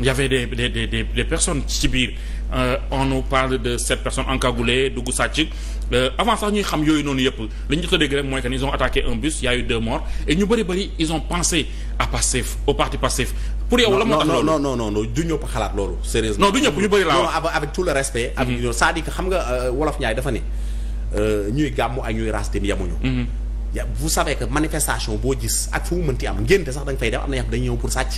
y avait des des des des, des ci biir euh, on de sept personnes encagoulées dugg sàcc euh, avant sax ñuy xam yooyu noonu yëpp li ñu jot a dégg rek mooy que ils ont attaqué un bus y a eu deux morts et ñu bëri bëri ils ont pensé à Pastef au parti Pastef. pour yow la moo tax loolu non non non non du ñëpp xalaat loolu. sérieusement du ñëpp ñu bëri laa wax non avec tout le respect. avec mm-hmm. c'est-à-dire xam nga euh, wolof ñaay dafa ne euh, ñuy gàmmu ak ñuy raas yamuñu. Mm-hmm. vous savez que manifestation boo gis ak fu mu mënti am ngénte sax da nga def am na yoo xam dañuy ñëw pour sàcc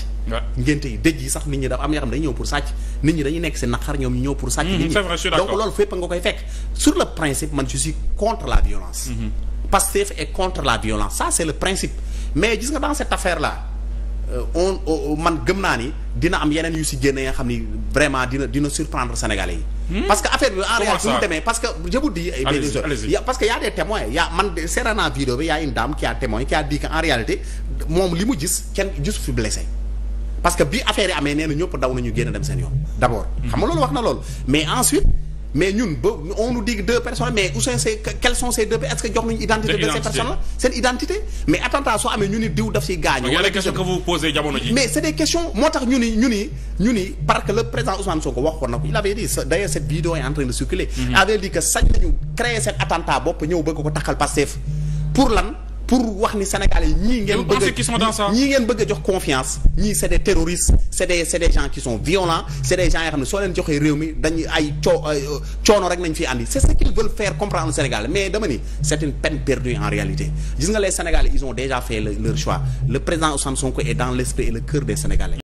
ngénte yi dëj yi sax nit ñi dafa am na yoo xam dañuy ñëw pour sàcc nit ñi dañuy nekk seen naqar ñoom ñu ñëw pour sàcc nit ñi mm-hmm, donc loolu fépp nga koy fekk sur le principe man je suis contre la violence mm-hmm. Pastef est contre la violence ça c'est le principe mais gis nga dans cette affaire là euh, oh, oh, man gëm naa ni dina am yeneen yu si génne nga xam ni vraiment dina dina surprendre sénégalais yi Hmm? parce que affaire bi en réalité mu demee parce que je vous dis eh, parce que y a des témoins man seera naa vidéo bi y a une dame qui a témoin qui a dit que en réalité moom li mu gis kenn gisu fi blessé parce bi affaire yi amee nee ñëpp daw nañu génn dem seen yoon d'abord xam nga loolu wax na loolu mais ensuite mais ñun ba on nous dit deux personnes mais Ousseyn c'est quelles sont deux que jox nañu identité de ces personnes là seen identité mais attentat soo amee ñu diw daf siy gaañu mais c'est des questions moo tax ñu ni ñu ni ñu ni parce que le président Ousmane ko il avait dit d'ailleurs cette vidéo est en train de mhm. avait dit que sañ nañu créer cet attentat bopp ñëw bëgg ko takkal Pastef pour lan pour wax ni Sénégalais ñii ngeen. bëgg ñii ngeen bëgg a jox confiance. ñii c' est des terroristes c' qui sont violents c' est des xam ne soo leen joxee réew mi dañuy ay coo euh, coono rek nañ fi andi c' est ce qu' ils veulent faire comprendre Sénégal mais dama ni c' est une peine perdue en réalité gis nga les Sénégalais ils ont déjà fait leur choix le président Ousmane Sonko est dans l' et le cœur des Sénégalais.